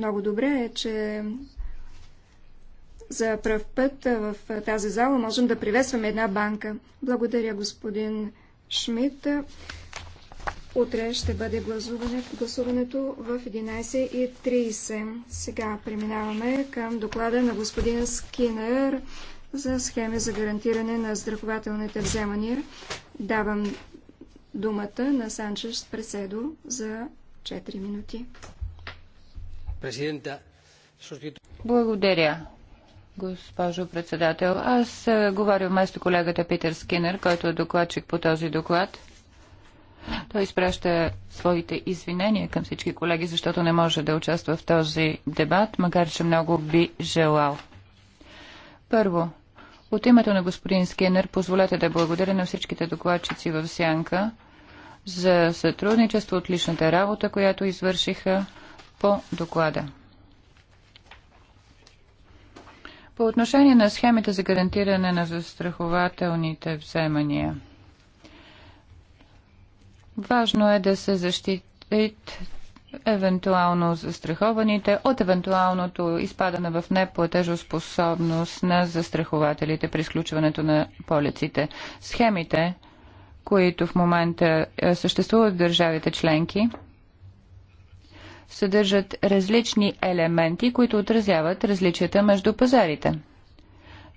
Много добре е, че за пръв път в тази зала можем да приветстваме една банка. Благодаря, господин Шмидт. Утре ще бъде гласуването в 11.30. Сега преминаваме към доклада на господин Скинер за схеми за гарантиране на страхователните вземания. Давам думата на Санчес Преседо за 4 минути. Благодаря, госпожо председател. Аз е, говоря вместо колегата Питер Скинер, който е докладчик по този доклад. Той изпраща своите извинения към всички колеги, защото не може да участва в този дебат, макар че много би желал. Първо, от името на господин Скинер, позволете да благодаря на всичките докладчици в Сянка за сътрудничество, отличната работа, която извършиха по доклада. По отношение на схемите за гарантиране на застрахователните вземания, важно е да се защитят евентуално застрахованите от евентуалното изпадане в неплатежоспособност на застрахователите при изключването на полиците. Схемите, които в момента е, съществуват в държавите членки, съдържат различни елементи, които отразяват различията между пазарите.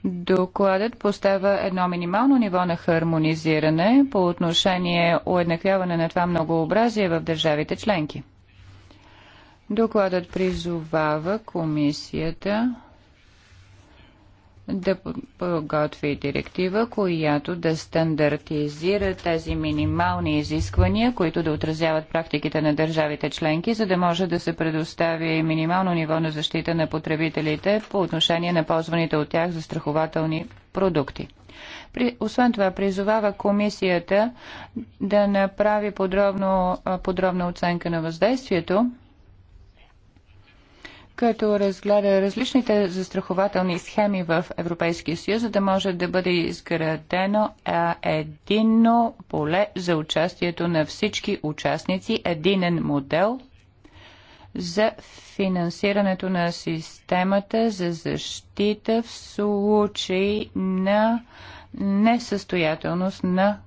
Докладът поставя едно минимално ниво на хармонизиране по отношение уеднаквяване на това многообразие в държавите членки. Докладът призовава комисията да подготви директива, която да стандартизира тези минимални изисквания, които да отразяват практиките на държавите членки, за да може да се предостави минимално ниво на защита на потребителите по отношение на ползваните от тях застрахователни продукти. При, освен това, призовава комисията да направи подробно, подробна оценка на въздействието като разгледа различните застрахователни схеми в Европейския съюз, за да може да бъде изградено единно поле за участието на всички участници, единен модел за финансирането на системата за защита в случай на несъстоятелност на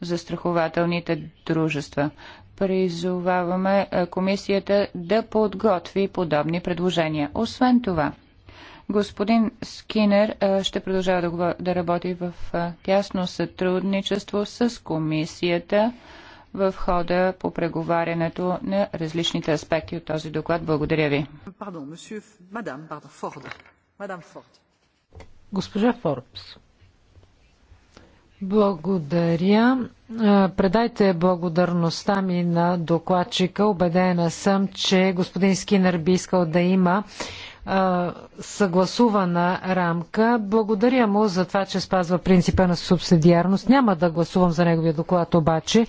застрахователните дружества призоваваме е, комисията да подготви подобни предложения. Освен това, господин Скинер е, ще продължава да работи в е, тясно сътрудничество с комисията в хода по преговарянето на различните аспекти от този доклад. Благодаря ви. мадам, пардон, Форд. Мадам Форд. Госпожа Форбс. Благодаря. Предайте благодарността ми на докладчика. Обедена съм, че господин Скинер би искал да има съгласувана рамка. Благодаря му за това, че спазва принципа на субсидиарност. Няма да гласувам за неговия доклад обаче.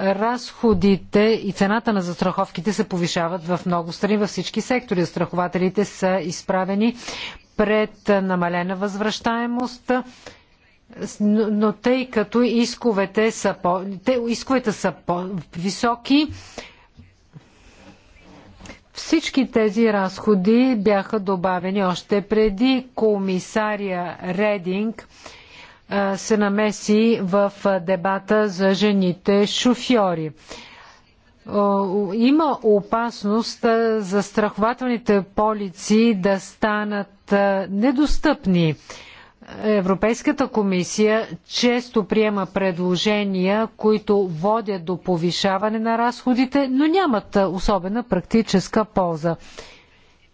Разходите и цената на застраховките се повишават в много страни, във всички сектори. Застрахователите са изправени пред намалена възвръщаемост но тъй като исковете са, по, те, исковете са по-високи, всички тези разходи бяха добавени още преди комисария Рединг се намеси в дебата за жените шофьори. Има опасност застрахователните полици да станат недостъпни Европейската комисия често приема предложения, които водят до повишаване на разходите, но нямат особена практическа полза.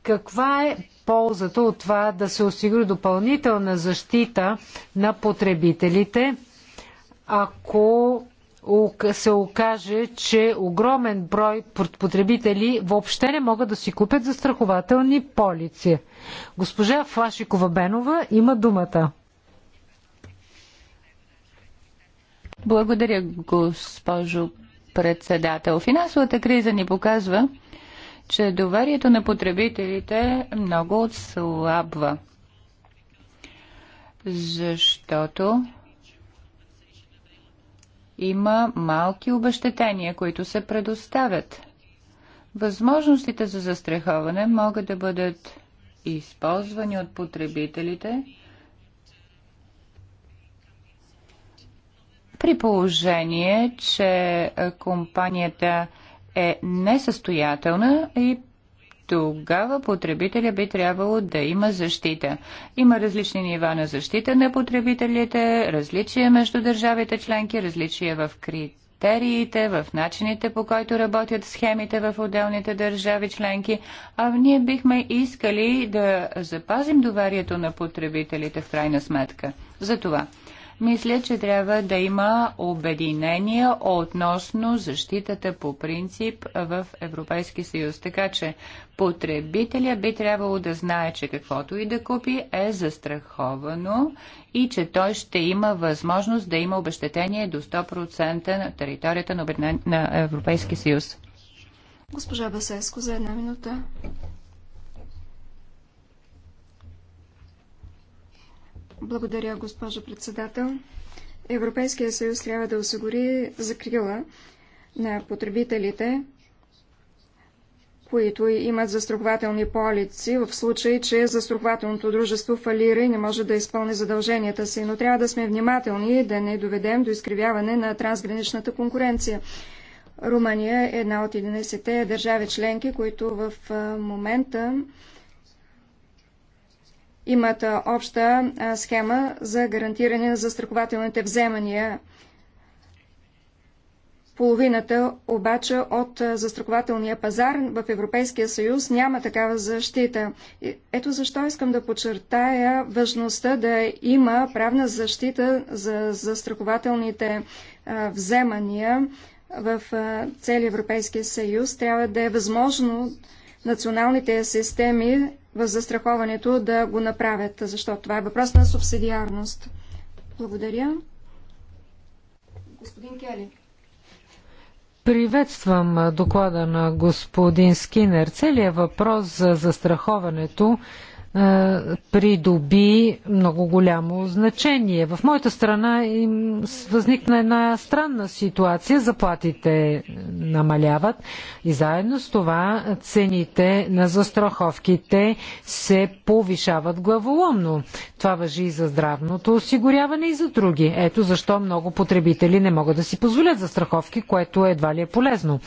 Каква е ползата от това да се осигури допълнителна защита на потребителите, ако се окаже, че огромен брой потребители въобще не могат да си купят застрахователни полици. Госпожа Флашикова Бенова има думата. Благодаря, госпожо председател. Финансовата криза ни показва, че доверието на потребителите много отслабва, защото има малки обещетения, които се предоставят. Възможностите за застраховане могат да бъдат използвани от потребителите при положение, че компанията е несъстоятелна и тогава потребителя би трябвало да има защита. Има различни нива на защита на потребителите, различия между държавите членки, различия в критериите, в начините по който работят схемите в отделните държави членки, а ние бихме искали да запазим доверието на потребителите в крайна сметка. Затова мисля, че трябва да има обединение относно защитата по принцип в Европейски съюз. Така че потребителя би трябвало да знае, че каквото и да купи е застраховано и че той ще има възможност да има обещетение до 100% на територията на Европейски съюз. Госпожа Басеско за една минута. Благодаря, госпожо председател. Европейския съюз трябва да осигури закрила на потребителите, които имат застрахователни полици в случай, че застрахователното дружество фалира и не може да изпълни задълженията си. Но трябва да сме внимателни и да не доведем до изкривяване на трансграничната конкуренция. Румъния е една от 11-те държави членки, които в момента имат обща схема за гарантиране на застрахователните вземания. Половината обаче от застрахователния пазар в Европейския съюз няма такава защита. Ето защо искам да подчертая важността да има правна защита за застрахователните вземания в целия Европейския съюз. Трябва да е възможно националните системи в застраховането да го направят, защото това е въпрос на субсидиарност. Благодаря. Господин Кели. Приветствам доклада на господин Скинер. Целият въпрос за застраховането придоби много голямо значение. В моята страна им възникна една странна ситуация. Заплатите намаляват и заедно с това цените на застраховките се повишават главоломно. Това въжи и за здравното осигуряване и за други. Ето защо много потребители не могат да си позволят застраховки, което едва ли е полезно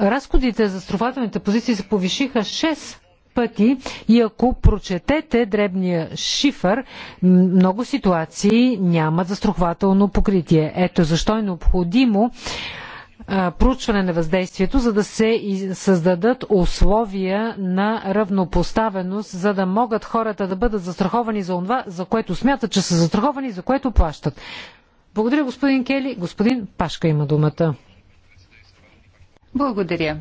разходите за страхователните позиции се повишиха 6 пъти и ако прочетете дребния шифър, много ситуации нямат застрахователно покритие. Ето защо е необходимо проучване на въздействието, за да се създадат условия на равнопоставеност, за да могат хората да бъдат застраховани за това, за което смятат, че са застраховани за което плащат. Благодаря, господин Кели. Господин Пашка има думата. Благодаря.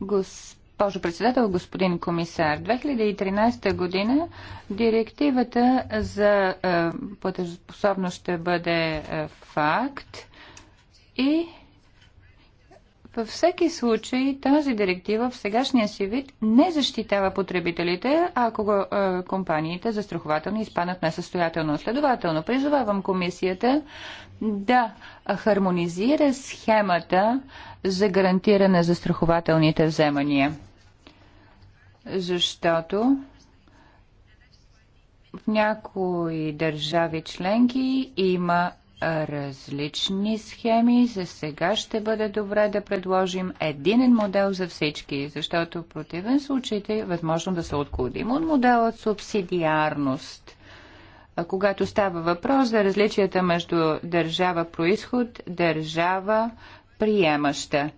Госпожо председател, господин комисар, 2013 година директивата за е, платежоспособност ще бъде е, факт и във всеки случай тази директива в сегашния си вид не защитава потребителите, ако го, е, компаниите застрахователни изпанат несъстоятелно. Следователно, призовавам комисията да хармонизира схемата за гарантиране застрахователните вземания. Защото в някои държави членки има различни схеми. За сега ще бъде добре да предложим единен модел за всички, защото в противен случай е възможно да се отклоним от модела от субсидиарност. Когато става въпрос за различията между държава происход, държава приемаща.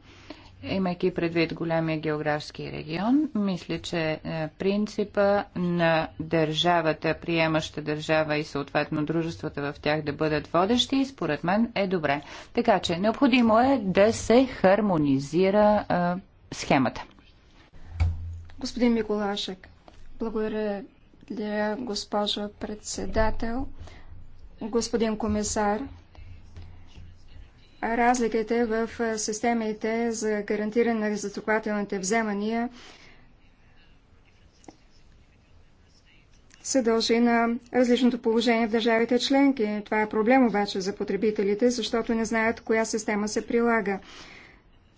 Имайки предвид голямия географски регион, мисля, че е, принципа на държавата, приемаща държава и съответно дружествата в тях да бъдат водещи, според мен е добре. Така че необходимо е да се хармонизира а, е, схемата. Господин Миколашек, благодаря госпожо председател, господин комисар разликите в системите за гарантиране на застрахователните вземания се дължи на различното положение в държавите членки. Това е проблем обаче за потребителите, защото не знаят коя система се прилага.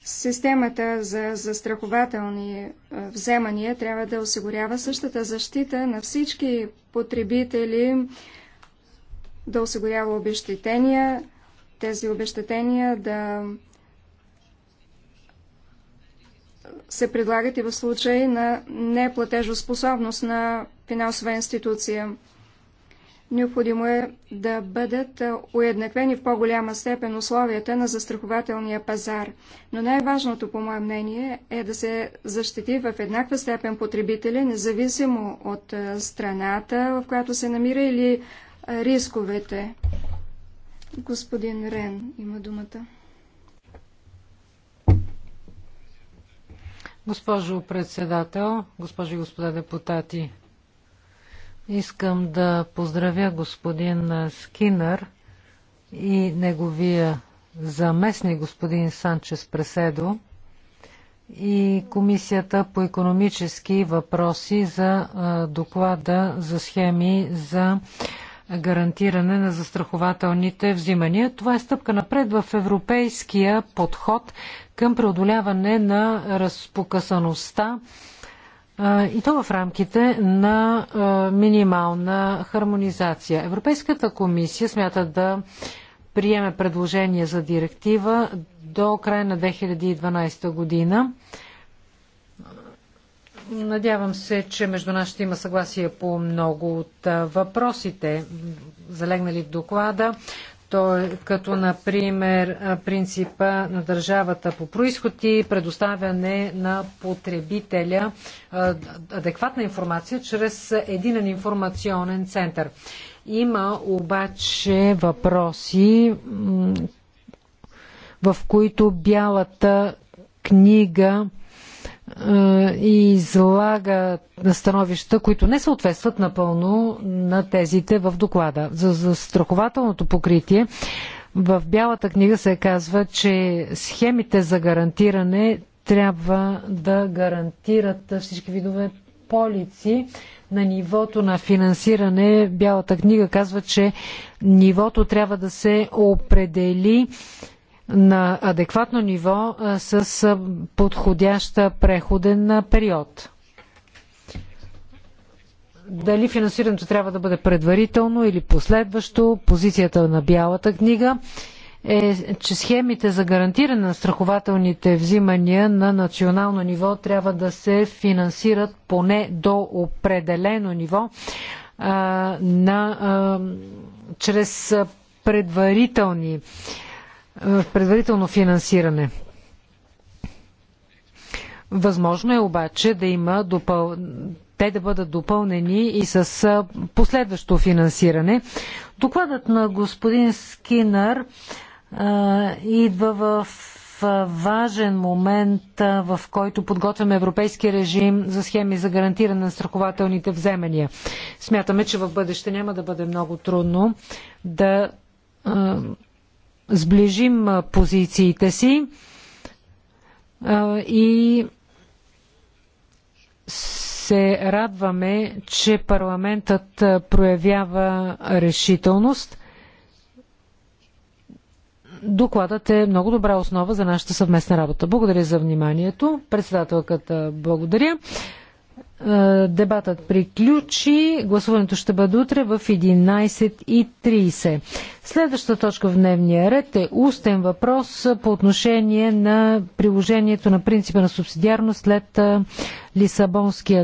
Системата за застрахователни вземания трябва да осигурява същата защита на всички потребители, да осигурява обещетения тези обещетения да се предлагат и в случай на неплатежоспособност на финансова институция. Необходимо е да бъдат уеднаквени в по-голяма степен условията на застрахователния пазар. Но най-важното, по мое мнение, е да се защити в еднаква степен потребителя, независимо от страната, в която се намира или рисковете. Господин Рен има думата. Госпожо председател, госпожи и господа депутати, искам да поздравя господин Скинър и неговия заместник господин Санчес Преседо и Комисията по економически въпроси за доклада за схеми за гарантиране на застрахователните взимания. Това е стъпка напред в европейския подход към преодоляване на разпокъсаността и то в рамките на минимална хармонизация. Европейската комисия смята да приеме предложение за директива до края на 2012 година. Надявам се, че между нас ще има съгласие по много от въпросите, залегнали в доклада, то, като например принципа на държавата по происход и предоставяне на потребителя адекватна информация чрез единен информационен център. Има обаче въпроси, в които бялата книга е, и излага становища, които не съответстват напълно на тезите в доклада. За застрахователното покритие в Бялата книга се казва, че схемите за гарантиране трябва да гарантират всички видове полици на нивото на финансиране. Бялата книга казва, че нивото трябва да се определи на адекватно ниво с подходящ преходен период. Дали финансирането трябва да бъде предварително или последващо, позицията на Бялата книга е, че схемите за гарантиране на страхователните взимания на национално ниво трябва да се финансират поне до определено ниво а, на, а, чрез предварителни а, е, в предварително финансиране. Възможно е обаче да има допъл... те да бъдат допълнени и с е, последващо финансиране. Докладът на господин Скинър а, е, идва в важен момент, а, в който подготвяме европейски режим за схеми за гарантиране на страхователните вземания. Смятаме, че в бъдеще няма да бъде много трудно да а, сближим позициите си и се радваме, че парламентът проявява решителност. Докладът е много добра основа за нашата съвместна работа. Благодаря за вниманието. Председателката благодаря. Е, дебатът приключи. Гласуването ще бъде утре в 11.30. Следваща точка в дневния ред е устен въпрос по отношение на приложението на принципа на субсидиарност след е, Лисабонския